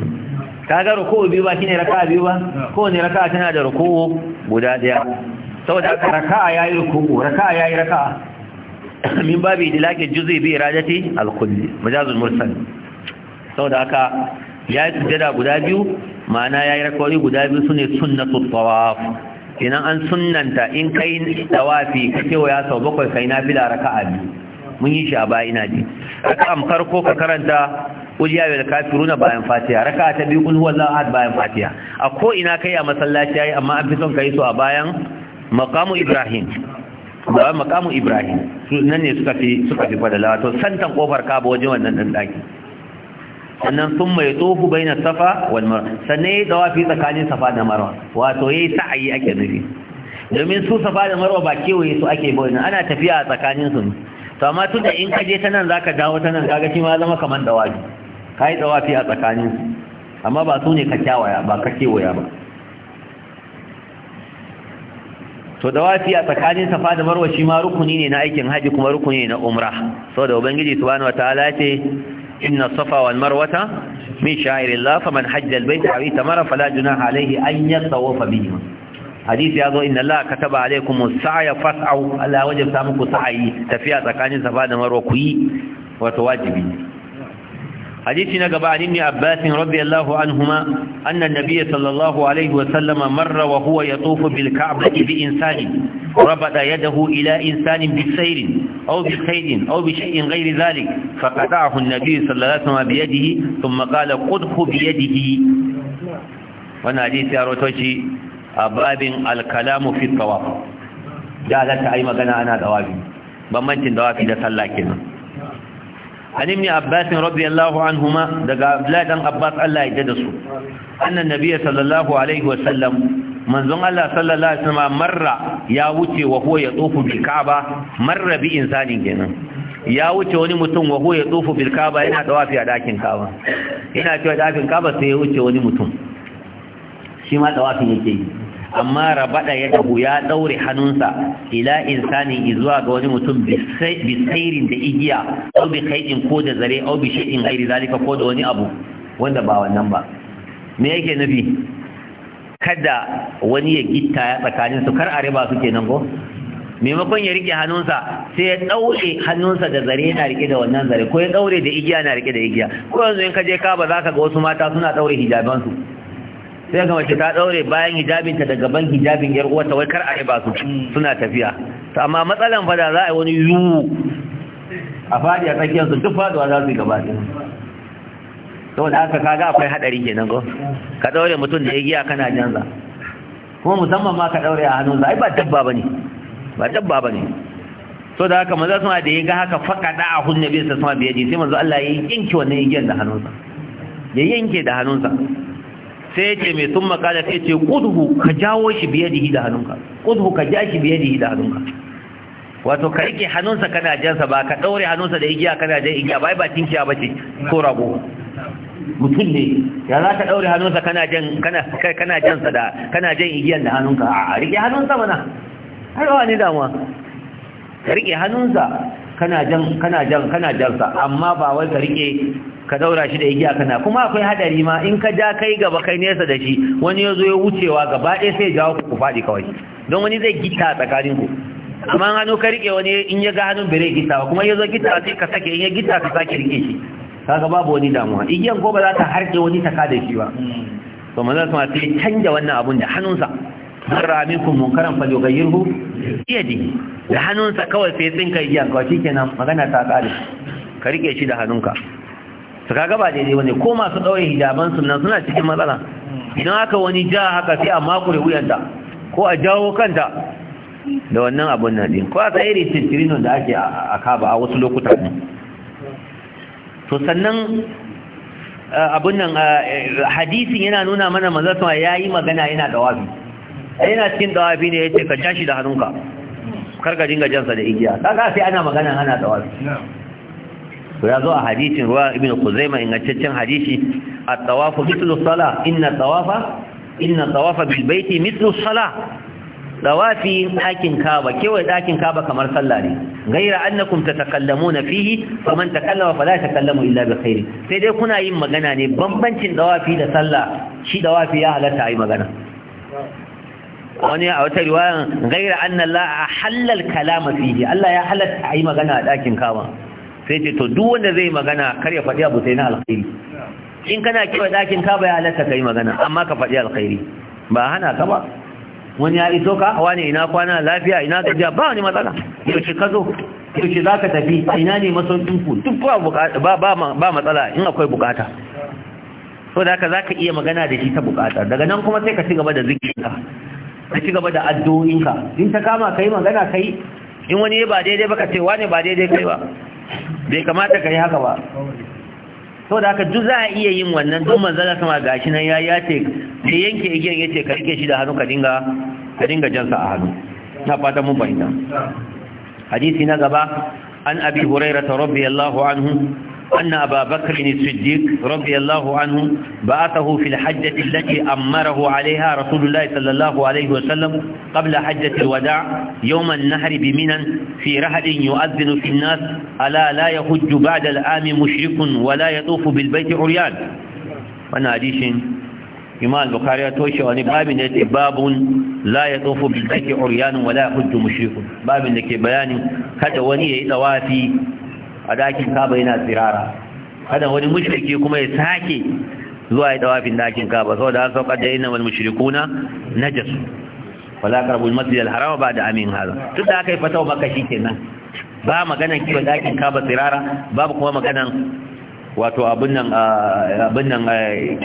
kaga ruku'u biyu ba shine raka'a biyu ba kowane raka'a tana da ruku'u guda daya saboda raka'a yayi ruku'u raka'a yayi raka'a <coughs> min babi dilaki juz'i bi iradati al-kulli majazul mursal saboda haka yayi sujjada guda biyu ma'ana yayi rakawai guda biyu sune sunnatut tawaf idan an sunnanta in kai tawafi kace ya sau bakwai kai nafila raka'a biyu mun yi shi a baya ina ji raka'an farko ka karanta da bil runa bayan Fatiya. Raka ta biyu kun a ahad bayan Fatiya. a ko ina kai a masallaci yayi amma an fi son kai su a bayan Makamu ibrahim ba Makamu ibrahim su nan ne suka fi suka fi fadala to santan kofar kaba wajen wannan dan daki sannan sun mai tsohu bai na safa wani marwa sannan ya yi fi tsakanin safa da marwa wato ya yi sa'ayi ake nufi domin su safa da marwa ba kewaye su ake bai ana tafiya a tsakanin su ne to amma tunda in ka je ta nan zaka dawo ta nan kaga shi ma zama kaman dawafi kai wafi a tsakanin amma ba su ne ka kyawaya ba ka kewaya ba to wafi a tsakanin safa da marwa shi ma rukuni ne na aikin haji kuma rukuni ne na umra saboda ubangiji subhanahu wataala ce inna safa wal marwata min sha'irillah faman hajja al aw itamara fala junaha alayhi an yatawafa bihima hadisi ya zo inna Allah kataba alaikum as-sa'ya fas'au Allah wajabta muku sa'ayi tafiya tsakanin safa da marwa ku yi wato wajibi hadisi na gaba annabi Abbas radiyallahu anhuma anna an-nabiy sallallahu alaihi wa sallam marra wa huwa yatufu bil ka'bati bi insanin rabada yadahu ila insanin bi sayrin aw bi khayrin aw bi shay'in ghayri dhalik faqata'ahu an-nabiy sallallahu alaihi wa sallam bi yadihi thumma qala qudhu bi yadihi wannan hadisi ya rawaito shi a babin alkalamu fi tawaf da ta ai magana ana dawafi bambancin dawafi da sallah kenan an ibn abbas radiyallahu anhuma daga abladan abbas Allah ya jada su annan nabiyyi sallallahu alaihi wa sallam manzon Allah sallallahu alaihi wa marra ya wuce wa huwa ya tsofu bi ka'aba marra bi insanin kenan ya wuce wani mutum wa huwa ya tsofu bil ka'aba yana dawafi a dakin ka'aba Ina cewa dakin ka'aba sai ya wuce wani mutum shi ma dawafin yake yi amma rabada ya dahu ya daure hannunsa ila insani izuwa ga wani mutum bisairin da igiya ko bi khaidin ko da zare ko bi shay'in gairi zalika ko da wani abu wanda ba wannan ba me yake nufi kada wani ya gitta ya tsakanin su kar a riba su kenan ko maimakon ya rike hannunsa sai ya daure hannunsa da zare yana rike da wannan zare ko ya daure da igiya na rike da igiya ko yanzu in ka je ka ba za ka ga wasu mata suna daure hijabansu sai ga mace ta daure bayan hijabinta daga ban hijabin yar ta wai kar a riba su suna tafiya to amma matsalan fa da za a yi wani yu a fadi a tsakiyar su duk faduwa za su yi gaba ɗaya saboda haka kaga akwai hadari kenan ko ka daure mutum da ya giya kana janza kuma musamman ma ka daure a hannunsa ai ba dabba bane ba dabba bane so da haka maza suna da ya ga haka faqada a hunnabi sallallahu alaihi wasallam sai manzo Allah ya yanke wannan igiyar da hannunsa ya yanke da hannunsa sai ce mai sun makala sai ce ƙudhu ka jawo shi biye da da hannunka ƙudhu ka ja shi biye da da hannunka wato ka rike hannunsa kana jansa ba ka ɗaure hannunsa da igiya kana jan igiya ba ba cinkiya ba ce ko rago mutum ne ya za ka ɗaure hannunsa kana jan kana jansa da kana jan igiyan da hannunka a rike hannunsa mana har yawa ne damuwa ka rike hannunsa kana jan kana jan kana jansa amma ba wai ka rike ka daura shi da igiya kana kuma akwai hadari ma in ka ja kai gaba kai nesa da shi wani ya zo ya wucewa gaba ɗaya sai jawo ku faɗi kawai don wani zai gita tsakanin ku amma hannu ka rike wani in ya ga hannun bere gita ba kuma ya zo gita sai ka sake in ya gita ka sake rike shi kaga babu wani damuwa igiyan ko ba za ta harke wani taka da shi ba to manzo kuma sai canja wannan abun da hannunsa zarra minkum munkaran falyughayyirhu biyadihi da hannunsa kawai sai tsinka igiya kawai shikenan magana ta kare ka rike shi da hannunka su kaga ba daidai bane ko masu ɗaure hijaban sunan suna cikin matsala idan aka wani ja haka sai a makure wuyanta ko a jawo kanta da wannan abun nan din ko a tsaye titirino da ake a kaba a wasu lokuta ne to sannan eh, abun nan eh, hadisin yana nuna mana manzo ya yi magana yana da wazi yana cikin dawafi ne ya ce ka jashi da hannunka kar ka dinga jansa da igiya kaga sai ana magana ana dawafi to ya zo a hadisin ruwa ibn kuzaima ingantaccen hadishi a tawafu mithlu Sala inna tawafa inna tawafa bil baiti mithlu salah tawafi dakin kaba Kewaye dakin kaba kamar sallah ne gaira annakum tatakallamuna fihi faman takallama ta takallamu illa bi khair sai dai kuna yin magana ne bambancin tsawafi da sallah shi tsawafi ya halatta a yi magana wani a wata riwayan gaira anna la halal kalama fiye. Allah ya halatta yi magana a ɗakin kama sai ce to duk wanda zai magana kar ya faɗi abu sai na alkhairi in kana kiwa ɗakin kama ya halatta yi magana amma ka faɗi alkhairi ba hana ka ba wani ya iso ka wani ina kwana lafiya ina gajiya ba wani matsala yaushe ka zo yaushe za ka tafi ina ne masaukin ku duk ba matsala in akwai bukata so da haka za ka iya magana da shi ta bukata daga nan kuma sai ka ci gaba da zikinka ka ci gaba da addu'o'inka in ta kama kai magana kai in wani ba daidai ba ka ce wani ba daidai kai ba bai kamata ka yi haka ba sau da haka duk za a iya yin wannan don manzana sama gashi nan ya ce, da yanke ya ce ka rike shi da hannu ka dinga jansa a hannu na fata mun fahimta hadisi na gaba an abi rabbi radiyallahu anhu أن أبا بكر الصديق رضي الله عنه بعثه في الحجة التي أمره عليها رسول الله صلى الله عليه وسلم قبل حجة الوداع يوم النهر بمنى في رهد يؤذن في الناس ألا لا يحج بعد العام مشرك ولا يطوف بالبيت عريان وانا أديش إمام البخاري توشي وأني باب باب لا يطوف بالبيت عريان ولا يحج مشرك باب لك بيان كذا وني وافي a dakin kaba yana tsirara kada wani mushriki kuma ya sake zuwa ya dawafin dakin kaba saboda har saukar da inna wal mushrikuna najas wala qarbul masjid al ba da amin hada duk da kai fatawa maka shikenan ba maganan kiwa dakin kaba tsirara babu kuma maganan wato abin nan abin nan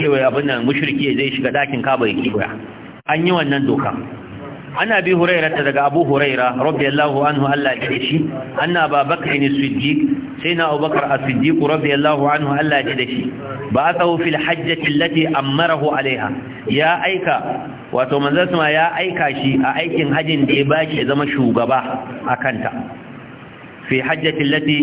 kiwa abin nan mushriki zai shiga dakin kaba ya kiwa an yi wannan doka ana bi huraira ta daga abu huraira radiyallahu anhu Allah ya shi, anna babakar ne siddiq sai na abubakar a as-siddiq radiyallahu anhu Allah ji da shi, ba athahu fil hajjati allati amarahu alaiha ya aika wato manzon sama ya aika shi a aikin hajin da ya bashi zama shugaba a kanta, fi hajjati allati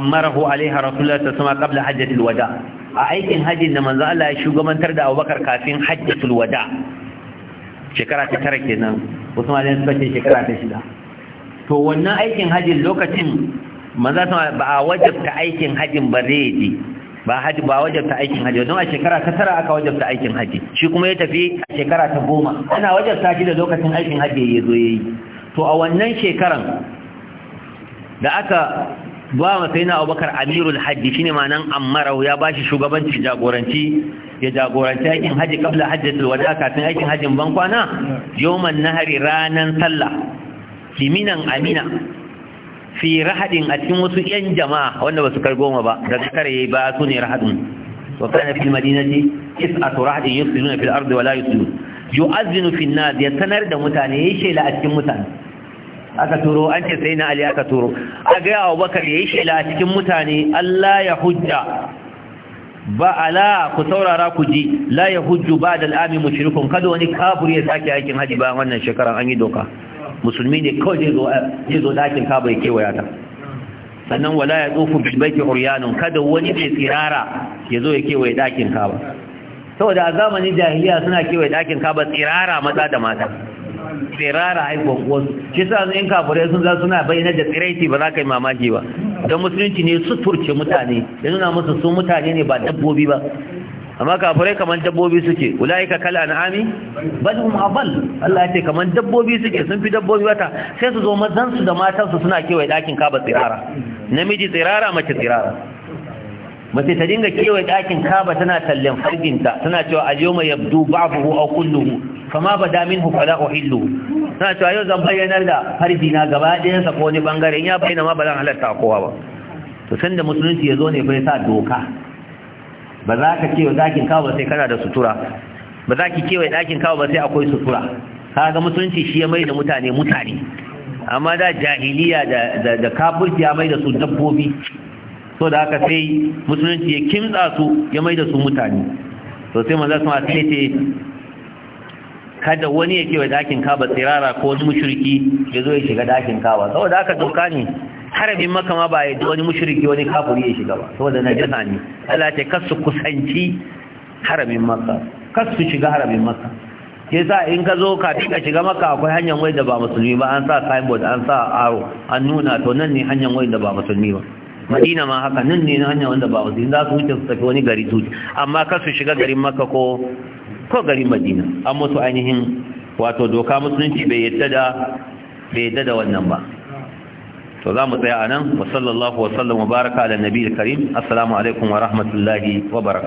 amarahu alaiha rasulullah sallallahu alaihi wasallam qabla hajjati alwada a aikin hajin da manzon Allah ya shugabantar da abubakar kafin hajjatul wada shekara ta tara kenan wasu malayan suka ce shekara ta shida to wannan aikin hajji lokacin za sama ba a wajabta aikin hajjin ba yi ba hajji ba wajabta aikin hajji don a shekara ta tara aka wajabta aikin hajji shi kuma ya tafi a shekara ta goma ana wajabta shi da lokacin aikin hajji ya zo ya yi. to a wannan shekaran da aka ba masai na abubakar amirul hajji shine ma'anan ammarau ya ba shi shugabanci jagoranci ya jagoranci aikin haji kabla hajjatul wada kafin aikin hajjin ban kwana yawman nahari ranar sallah kiminan amina fi rahadin a cikin wasu yan jama'a wanda basu kar goma ba daga kare ya yi ba su ne rahadin wa kana fil madinati is'atu rahadin yusiluna fil ardi wa la yusilun yu'azzinu fil nas ya sanar da mutane ya yi shela a cikin mutane aka turo an ce sai na ali aka turo a ga Abubakar yi shela a cikin mutane Allah ya hujja ba ala ku saurara ku ji la ba ba'da al'ami mushrikun kada wani kafir ya sake aikin haji bayan wannan shekaran an yi doka musulmi ne kawai zai zo zai zo dakin kaba ya kewaya ta sannan wala ya tsofu bil baiti uryanun kada wani mai tsirara ya zo ya kewaye dakin kaba saboda a zamanin jahiliya suna kewaye dakin kaba tsirara maza da mata tsirara haihuwar wasu shi sa in kafirai sun za suna bayyana da tsiraiti ba za ka yi mamaki ba da musulunci ne suturce mutane ya nuna musu su mutane ne ba dabbobi ba amma kafirai kamar dabbobi suke ulaika kal an'ami bal hum adall Allah ya ce kamar dabbobi suke sun fi dabbobi wata sai su zo mazan su da matan su suna kewaye dakin kaba tsirara namiji tsirara mace tsirara mace ta dinga kewaye dakin kaba tana tallan farginta tana cewa al-yawma yabdu ba'dahu aw kulluhu kama ba damin hukala uhillu na cewa yau zan bayyanar da harbi na gaba ɗayan sa ko wani bangare in ya bayyana ma ba zan halatta kowa ba to san da musulunci ya zo ne bai sa doka ba za ka ce dakin kawo ba sai kana da sutura ba za ki kewaye dakin kawo ba sai akwai sutura kaga musulunci shi ya mai da mutane mutane amma da jahiliya da da ya mai da su dabbobi so da haka sai musulunci ya kimtsa su ya mai da su mutane to sai manzo sun ce kada wani ya kewa dakin kaba tsirara ko wani mushriki ya zo ya shiga dakin kaba saboda aka doka ne harabin maka ma ba ya wani mushriki wani kafuri ya shiga ba saboda jisa ne Allah ta kasu kusanci harabin maka kasu shiga harabin maka sa in ka zo kafin ka shiga maka akwai hanyar wai da ba musulmi ba an sa signboard an sa aro an nuna to nan ne hanyar wai da ba musulmi ba madina ma haka nan ne hanyar wanda ba musulmi za su wuce su tafi wani gari su amma kasu shiga garin maka ko ko garin madina an musu ainihin wato doka musulunci bai yadda da wannan ba to za mu tsaya a nan wa sallallahu mubaraka da wa baraka karim assalamu alaikum wa rahmatullahi wa baraka.